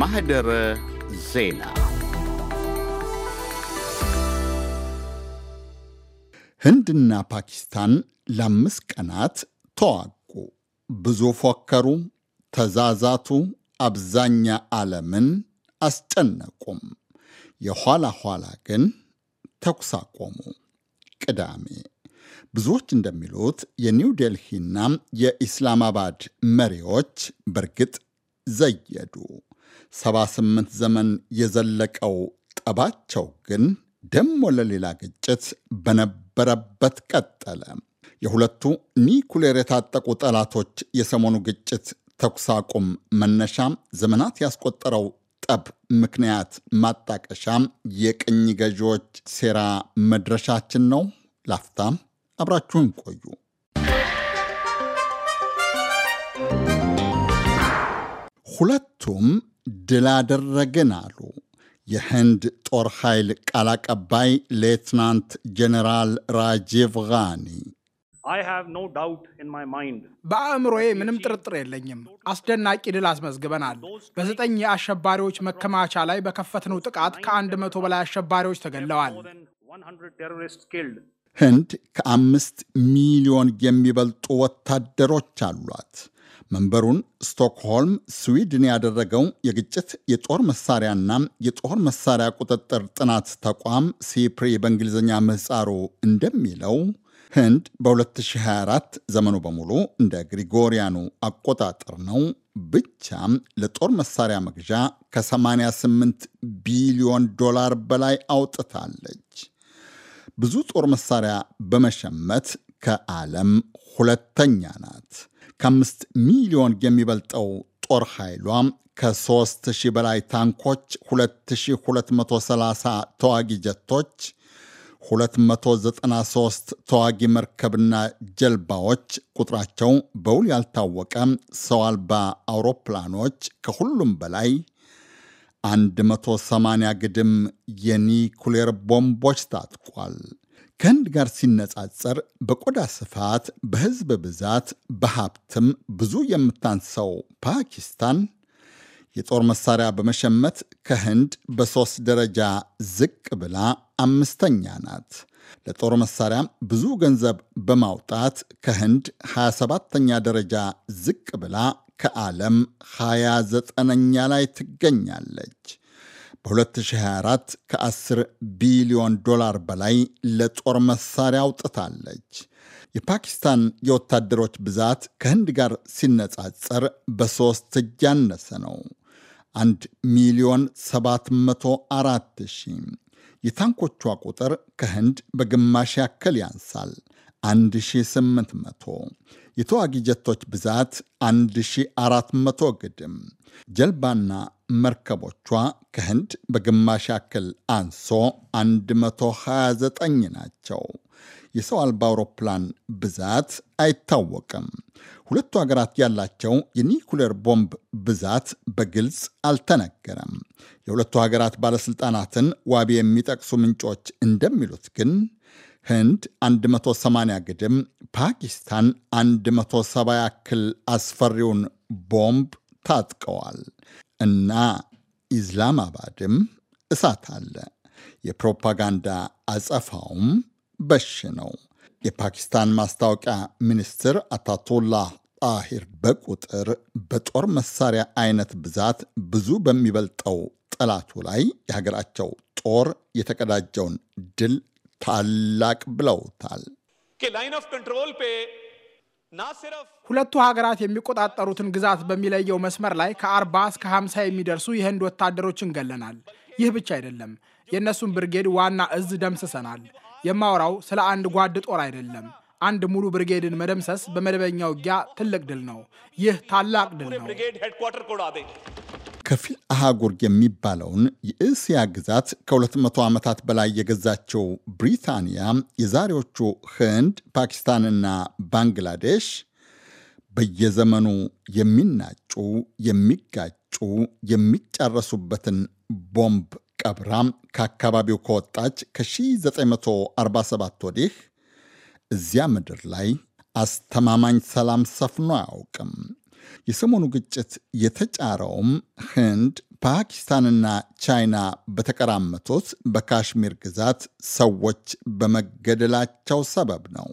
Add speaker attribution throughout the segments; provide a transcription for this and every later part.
Speaker 1: ማህደረ ዜና ህንድና ፓኪስታን ለአምስት ቀናት ተዋጉ። ብዙ ፎከሩ፣ ተዛዛቱ፣ አብዛኛ ዓለምን አስጨነቁም። የኋላ ኋላ ግን ተኩስ አቆሙ። ቅዳሜ ብዙዎች እንደሚሉት የኒው ዴልሂና የኢስላማባድ መሪዎች በእርግጥ ዘየዱ። 78 ዘመን የዘለቀው ጠባቸው ግን ደሞ ለሌላ ግጭት በነበረበት ቀጠለ። የሁለቱ ኒኩሌር የታጠቁ ጠላቶች የሰሞኑ ግጭት ተኩስ አቁም መነሻም ዘመናት ያስቆጠረው ጠብ ምክንያት ማጣቀሻም የቅኝ ገዢዎች ሴራ መድረሻችን ነው። ላፍታም አብራችሁን ቆዩ። ሁለቱም ድል አደረግን አሉ የህንድ ጦር ኃይል ቃል አቀባይ ሌትናንት ጀኔራል ራጂቭ ጋኒ።
Speaker 2: በአእምሮዬ ምንም ጥርጥር የለኝም። አስደናቂ ድል አስመዝግበናል። በዘጠኝ የአሸባሪዎች መከማቻ ላይ በከፈትነው ጥቃት ከአንድ መቶ በላይ አሸባሪዎች ተገለዋል።
Speaker 1: ህንድ ከአምስት ሚሊዮን የሚበልጡ ወታደሮች አሏት። መንበሩን ስቶክሆልም ስዊድን ያደረገው የግጭት የጦር መሳሪያና የጦር መሳሪያ ቁጥጥር ጥናት ተቋም ሲፕሪ በእንግሊዝኛ ምህፃሩ እንደሚለው ህንድ በ2024 ዘመኑ በሙሉ እንደ ግሪጎሪያኑ አቆጣጠር ነው ብቻ ለጦር መሳሪያ መግዣ ከ88 ቢሊዮን ዶላር በላይ አውጥታለች። ብዙ ጦር መሳሪያ በመሸመት ከዓለም ሁለተኛ ናት። ከአምስት ሚሊዮን የሚበልጠው ጦር ኃይሏ ከሶስት ሺህ በላይ ታንኮች፣ 2230 ተዋጊ ጀቶች 293 ተዋጊ መርከብና ጀልባዎች፣ ቁጥራቸው በውል ያልታወቀ ሰው አልባ አውሮፕላኖች፣ ከሁሉም በላይ 180 ግድም የኒኩሌር ቦምቦች ታጥቋል። ከህንድ ጋር ሲነጻጸር በቆዳ ስፋት፣ በህዝብ ብዛት፣ በሀብትም ብዙ የምታንሰው ፓኪስታን የጦር መሳሪያ በመሸመት ከህንድ በሦስት ደረጃ ዝቅ ብላ አምስተኛ ናት። ለጦር መሳሪያ ብዙ ገንዘብ በማውጣት ከህንድ 27ተኛ ደረጃ ዝቅ ብላ ከዓለም 29ኛ ላይ ትገኛለች። በ2024 ከ10 ቢሊዮን ዶላር በላይ ለጦር መሳሪያ አውጥታለች። የፓኪስታን የወታደሮች ብዛት ከህንድ ጋር ሲነጻጸር በሦስት እጅ ያነሰ ነው። 1 ሚሊዮን 704 ሺህ። የታንኮቿ ቁጥር ከህንድ በግማሽ ያክል ያንሳል፣ 1800 የተዋጊ ጀቶች ብዛት 1400 ግድም፣ ጀልባና መርከቦቿ ከህንድ በግማሽ ያክል አንሶ 129 ናቸው። የሰው አልባ አውሮፕላን ብዛት አይታወቅም። ሁለቱ ሀገራት ያላቸው የኒኩሌር ቦምብ ብዛት በግልጽ አልተነገረም። የሁለቱ ሀገራት ባለሥልጣናትን ዋቢ የሚጠቅሱ ምንጮች እንደሚሉት ግን ህንድ 180 ግድም፣ ፓኪስታን 170 ያክል አስፈሪውን ቦምብ ታጥቀዋል እና ኢስላማባድም እሳት አለ። የፕሮፓጋንዳ አጸፋውም በሽ ነው። የፓኪስታን ማስታወቂያ ሚኒስትር አታቱላህ ጣሂር በቁጥር በጦር መሳሪያ አይነት ብዛት ብዙ በሚበልጠው ጠላቱ ላይ የሀገራቸው ጦር የተቀዳጀውን ድል ታላቅ ብለውታል።
Speaker 2: ሁለቱ ሀገራት የሚቆጣጠሩትን ግዛት በሚለየው መስመር ላይ ከ40 እስከ 50 የሚደርሱ የህንድ ወታደሮችን ገለናል። ይህ ብቻ አይደለም፣ የእነሱን ብርጌድ ዋና እዝ ደምስሰናል። የማወራው ስለ አንድ ጓድ ጦር አይደለም። አንድ ሙሉ ብርጌድን መደምሰስ በመደበኛ ውጊያ ትልቅ ድል ነው። ይህ ታላቅ ድል ነው።
Speaker 1: ከፊል አህጉር የሚባለውን የእስያ ግዛት ከ200 ዓመታት በላይ የገዛቸው ብሪታንያ የዛሬዎቹ ህንድ፣ ፓኪስታንና ባንግላዴሽ በየዘመኑ የሚናጩ፣ የሚጋጩ፣ የሚጫረሱበትን ቦምብ ቀብራ ከአካባቢው ከወጣች ከ1947 ወዲህ እዚያ ምድር ላይ አስተማማኝ ሰላም ሰፍኖ አያውቅም። የሰሞኑ ግጭት የተጫረውም ህንድ ፓኪስታንና ቻይና በተቀራመቱት በካሽሚር ግዛት ሰዎች በመገደላቸው ሰበብ ነው።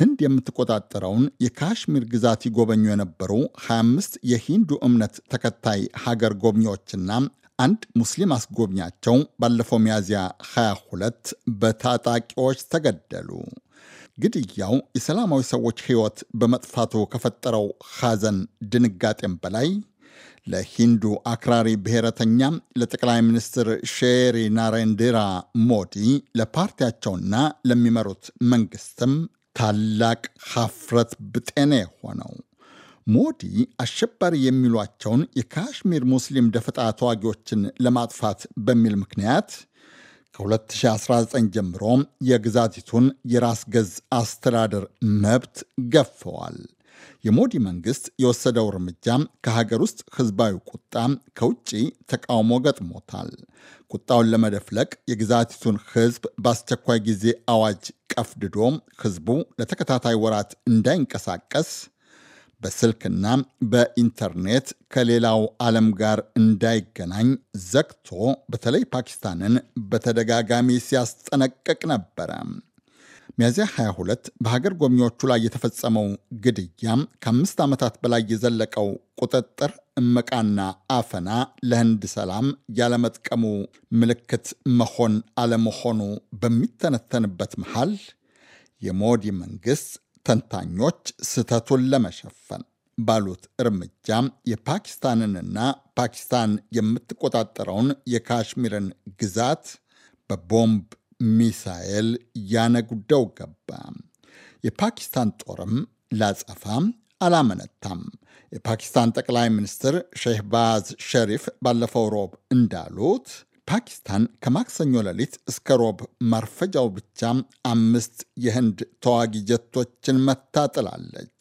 Speaker 1: ህንድ የምትቆጣጠረውን የካሽሚር ግዛት ይጎበኙ የነበሩ 25 የሂንዱ እምነት ተከታይ ሀገር ጎብኚዎችና አንድ ሙስሊም አስጎብኛቸው ባለፈው ሚያዝያ 22 በታጣቂዎች ተገደሉ። ግድያው የሰላማዊ ሰዎች ሕይወት በመጥፋቱ ከፈጠረው ሐዘን ድንጋጤም በላይ ለሂንዱ አክራሪ ብሔረተኛ ለጠቅላይ ሚኒስትር ሼሪ ናሬንድራ ሞዲ ለፓርቲያቸውና ለሚመሩት መንግስትም ታላቅ ሐፍረት ብጤኔ ሆነው ሞዲ አሸባሪ የሚሏቸውን የካሽሚር ሙስሊም ደፈጣ ተዋጊዎችን ለማጥፋት በሚል ምክንያት ከ2019 ጀምሮ የግዛቲቱን የራስ ገዝ አስተዳደር መብት ገፈዋል። የሞዲ መንግስት የወሰደው እርምጃ ከሀገር ውስጥ ህዝባዊ ቁጣ፣ ከውጭ ተቃውሞ ገጥሞታል። ቁጣውን ለመደፍለቅ የግዛቲቱን ህዝብ በአስቸኳይ ጊዜ አዋጅ ቀፍድዶ ህዝቡ ለተከታታይ ወራት እንዳይንቀሳቀስ በስልክና በኢንተርኔት ከሌላው ዓለም ጋር እንዳይገናኝ ዘግቶ በተለይ ፓኪስታንን በተደጋጋሚ ሲያስጠነቅቅ ነበረ። ሚያዚያ 22 በሀገር ጎብኚዎቹ ላይ የተፈጸመው ግድያም ከአምስት ዓመታት በላይ የዘለቀው ቁጥጥር፣ እመቃና አፈና ለህንድ ሰላም ያለመጥቀሙ ምልክት መሆን አለመሆኑ በሚተነተንበት መሃል የሞዲ መንግስት ተንታኞች ስህተቱን ለመሸፈን ባሉት እርምጃ የፓኪስታንንና ፓኪስታን የምትቆጣጠረውን የካሽሚርን ግዛት በቦምብ ሚሳኤል ያነጉደው ገባ። የፓኪስታን ጦርም ላጸፋ አላመነታም። የፓኪስታን ጠቅላይ ሚኒስትር ሼህባዝ ሸሪፍ ባለፈው ሮብ እንዳሉት ፓኪስታን ከማክሰኞ ሌሊት እስከ ሮብ ማርፈጃው ብቻ አምስት የህንድ ተዋጊ ጀቶችን መታጥላለች።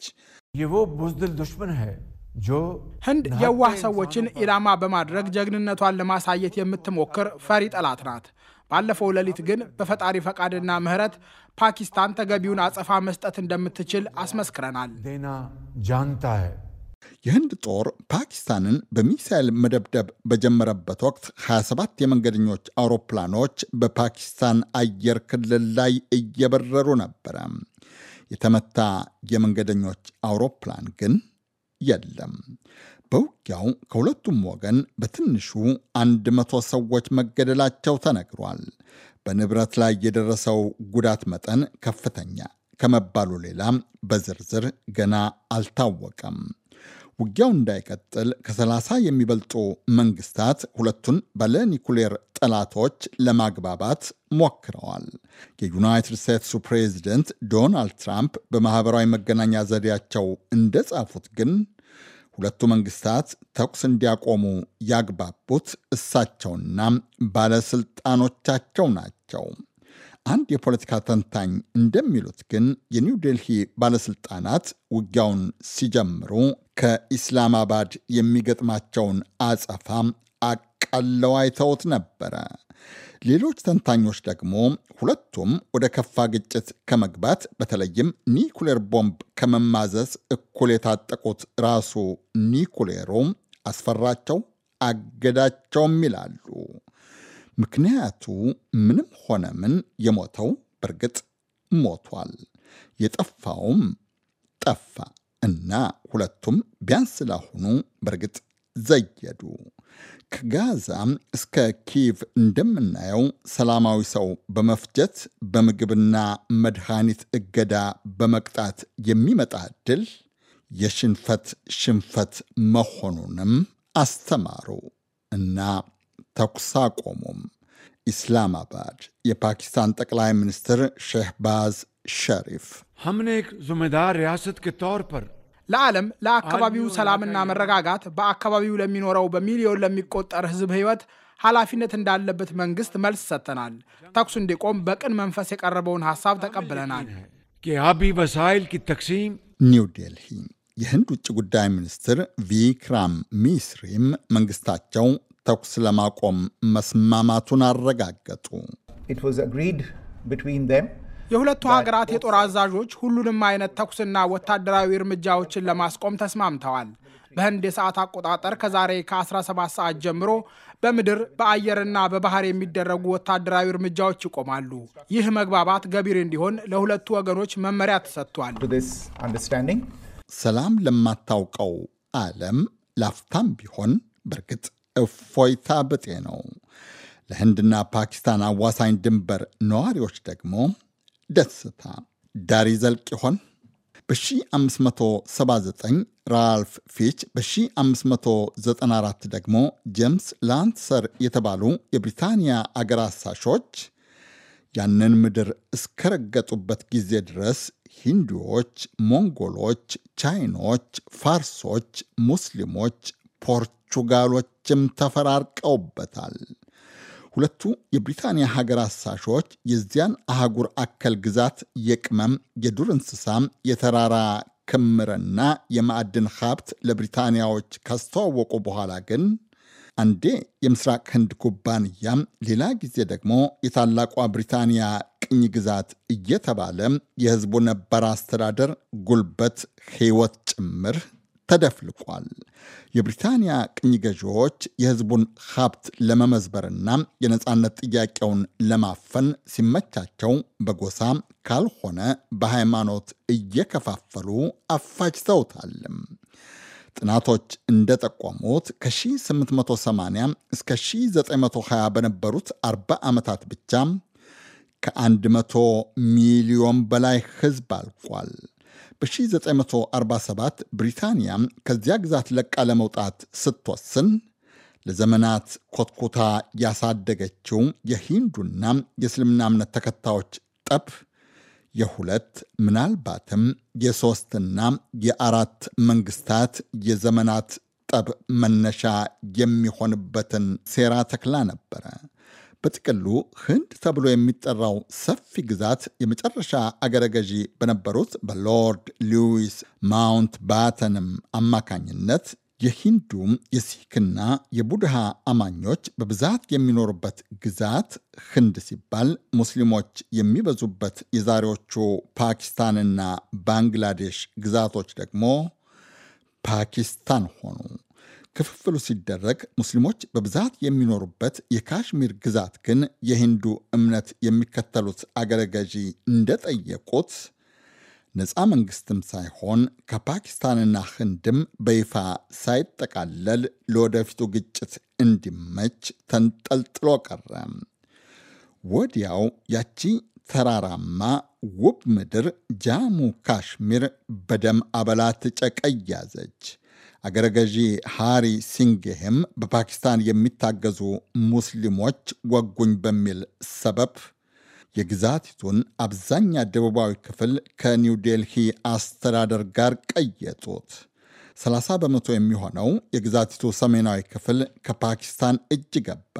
Speaker 2: ህንድ የዋህ ሰዎችን ኢላማ በማድረግ ጀግንነቷን ለማሳየት የምትሞክር ፈሪ ጠላት ናት። ባለፈው ሌሊት ግን በፈጣሪ ፈቃድና ምህረት ፓኪስታን ተገቢውን አጸፋ መስጠት እንደምትችል አስመስክረናል።
Speaker 1: የህንድ ጦር ፓኪስታንን በሚሳይል መደብደብ በጀመረበት ወቅት 27 የመንገደኞች አውሮፕላኖች በፓኪስታን አየር ክልል ላይ እየበረሩ ነበረ። የተመታ የመንገደኞች አውሮፕላን ግን የለም። በውጊያው ከሁለቱም ወገን በትንሹ 100 ሰዎች መገደላቸው ተነግሯል። በንብረት ላይ የደረሰው ጉዳት መጠን ከፍተኛ ከመባሉ ሌላ በዝርዝር ገና አልታወቀም። ውጊያው እንዳይቀጥል ከ30 የሚበልጡ መንግስታት ሁለቱን ባለ ኒኩሌር ጠላቶች ለማግባባት ሞክረዋል። የዩናይትድ ስቴትሱ ፕሬዚደንት ዶናልድ ትራምፕ በማኅበራዊ መገናኛ ዘዴያቸው እንደጻፉት ግን ሁለቱ መንግስታት ተኩስ እንዲያቆሙ ያግባቡት እሳቸውና ባለሥልጣኖቻቸው ናቸው። አንድ የፖለቲካ ተንታኝ እንደሚሉት ግን የኒው ዴልሂ ባለስልጣናት ውጊያውን ሲጀምሩ ከኢስላማባድ የሚገጥማቸውን አጸፋ አቃለው አይተውት ነበረ። ሌሎች ተንታኞች ደግሞ ሁለቱም ወደ ከፋ ግጭት ከመግባት በተለይም ኒኩሌር ቦምብ ከመማዘዝ እኩል የታጠቁት ራሱ ኒኩሌሩ አስፈራቸው አገዳቸውም ይላሉ። ምክንያቱ ምንም ሆነ ምን የሞተው በእርግጥ ሞቷል፣ የጠፋውም ጠፋ እና ሁለቱም ቢያንስ ላሁኑ በእርግጥ ዘየዱ። ከጋዛ እስከ ኪቭ እንደምናየው ሰላማዊ ሰው በመፍጀት በምግብና መድኃኒት እገዳ በመቅጣት የሚመጣ ድል የሽንፈት ሽንፈት መሆኑንም አስተማሩ እና ተኩስ አቆሙም። ኢስላማባድ የፓኪስታን ጠቅላይ ሚኒስትር ሼህባዝ
Speaker 2: ሸሪፍ हमने ዙሜዳ ሪያሰት के ለዓለም ለአካባቢው ሰላምና መረጋጋት በአካባቢው ለሚኖረው በሚሊዮን ለሚቆጠር ህዝብ ህይወት ኃላፊነት እንዳለበት መንግስት መልስ ሰጥተናል። ተኩሱ እንዲቆም በቅን መንፈስ የቀረበውን ሐሳብ ተቀብለናል። የአቢ በሳይል ኪተክሲም
Speaker 1: ኒው ዴልሂ የህንድ ውጭ ጉዳይ ሚኒስትር ቪክራም ሚስሪም መንግስታቸው ተኩስ ለማቆም መስማማቱን አረጋገጡ።
Speaker 2: የሁለቱ ሀገራት የጦር አዛዦች ሁሉንም አይነት ተኩስና ወታደራዊ እርምጃዎችን ለማስቆም ተስማምተዋል። በህንድ የሰዓት አቆጣጠር ከዛሬ ከ17 ሰዓት ጀምሮ በምድር በአየርና በባህር የሚደረጉ ወታደራዊ እርምጃዎች ይቆማሉ። ይህ መግባባት ገቢር እንዲሆን ለሁለቱ ወገኖች መመሪያ ተሰጥቷል።
Speaker 1: ሰላም ለማታውቀው ዓለም ላፍታም ቢሆን በእርግጥ እፎይታ ብጤ ነው። ለህንድና ፓኪስታን አዋሳኝ ድንበር ነዋሪዎች ደግሞ ደስታ ዳሪ ዘልቅ ይሆን? በ1579 ራልፍ ፊች በ1594 ደግሞ ጄምስ ላንሰር የተባሉ የብሪታንያ አገር አሳሾች ያንን ምድር እስከረገጡበት ጊዜ ድረስ ሂንዱዎች፣ ሞንጎሎች፣ ቻይኖች፣ ፋርሶች፣ ሙስሊሞች፣ ፖርቹጋሎችም ተፈራርቀውበታል። ሁለቱ የብሪታንያ ሀገር አሳሾች የዚያን አህጉር አከል ግዛት የቅመም፣ የዱር እንስሳም፣ የተራራ ክምርና የማዕድን ሀብት ለብሪታንያዎች ካስተዋወቁ በኋላ ግን አንዴ የምስራቅ ህንድ ኩባንያም ሌላ ጊዜ ደግሞ የታላቋ ብሪታንያ ቅኝ ግዛት እየተባለ የህዝቡ ነባር አስተዳደር ጉልበት፣ ህይወት ጭምር ተደፍልቋል። የብሪታንያ ቅኝ ገዢዎች የህዝቡን ሀብት ለመመዝበርና የነፃነት ጥያቄውን ለማፈን ሲመቻቸው በጎሳ ካልሆነ በሃይማኖት እየከፋፈሉ አፋጅተውታል ጥናቶች እንደጠቆሙት ከ1880 እስከ 1920 በነበሩት 40 ዓመታት ብቻ ከ100 ሚሊዮን በላይ ህዝብ አልቋል። በ1947 ብሪታንያ ከዚያ ግዛት ለቃ ለመውጣት ስትወስን ለዘመናት ኮትኩታ ያሳደገችው የሂንዱና የእስልምና እምነት ተከታዮች ጠብ የሁለት ምናልባትም የሶስትና የአራት መንግስታት የዘመናት ጠብ መነሻ የሚሆንበትን ሴራ ተክላ ነበረ። በጥቅሉ ህንድ ተብሎ የሚጠራው ሰፊ ግዛት የመጨረሻ አገረ ገዢ በነበሩት በሎርድ ሉዊስ ማውንት ባተንም አማካኝነት የሂንዱም የሲክና የቡድሃ አማኞች በብዛት የሚኖሩበት ግዛት ህንድ ሲባል ሙስሊሞች የሚበዙበት የዛሬዎቹ ፓኪስታንና ባንግላዴሽ ግዛቶች ደግሞ ፓኪስታን ሆኑ። ክፍፍሉ ሲደረግ ሙስሊሞች በብዛት የሚኖሩበት የካሽሚር ግዛት ግን የሂንዱ እምነት የሚከተሉት አገረ ገዢ እንደጠየቁት ነፃ መንግስትም ሳይሆን ከፓኪስታንና ህንድም በይፋ ሳይጠቃለል ለወደፊቱ ግጭት እንዲመች ተንጠልጥሎ ቀረ። ወዲያው ያቺ ተራራማ ውብ ምድር ጃሙ ካሽሚር በደም አበላ ትጨቀያዘች። አገረገዢ ሃሪ ሲንግሄም በፓኪስታን የሚታገዙ ሙስሊሞች ወጉኝ በሚል ሰበብ የግዛቲቱን አብዛኛ ደቡባዊ ክፍል ከኒው ዴልሂ አስተዳደር ጋር ቀየጡት። 30 በመቶ የሚሆነው የግዛቲቱ ሰሜናዊ ክፍል ከፓኪስታን እጅ ገባ።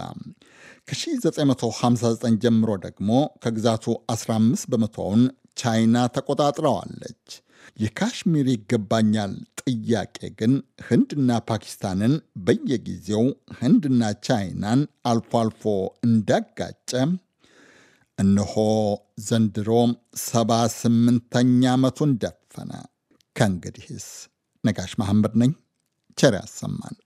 Speaker 1: ከ1959 ጀምሮ ደግሞ ከግዛቱ 15 በመቶውን ቻይና ተቆጣጥረዋለች። የካሽሚር ይገባኛል ጥያቄ ግን ህንድና ፓኪስታንን በየጊዜው ህንድና ቻይናን አልፎ አልፎ እንዳጋጨ እነሆ ዘንድሮ ሰባ ስምንተኛ ዓመቱን ደፈነ። ከእንግዲህስ ነጋሽ መሐመድ ነኝ። ቸር ያሰማን።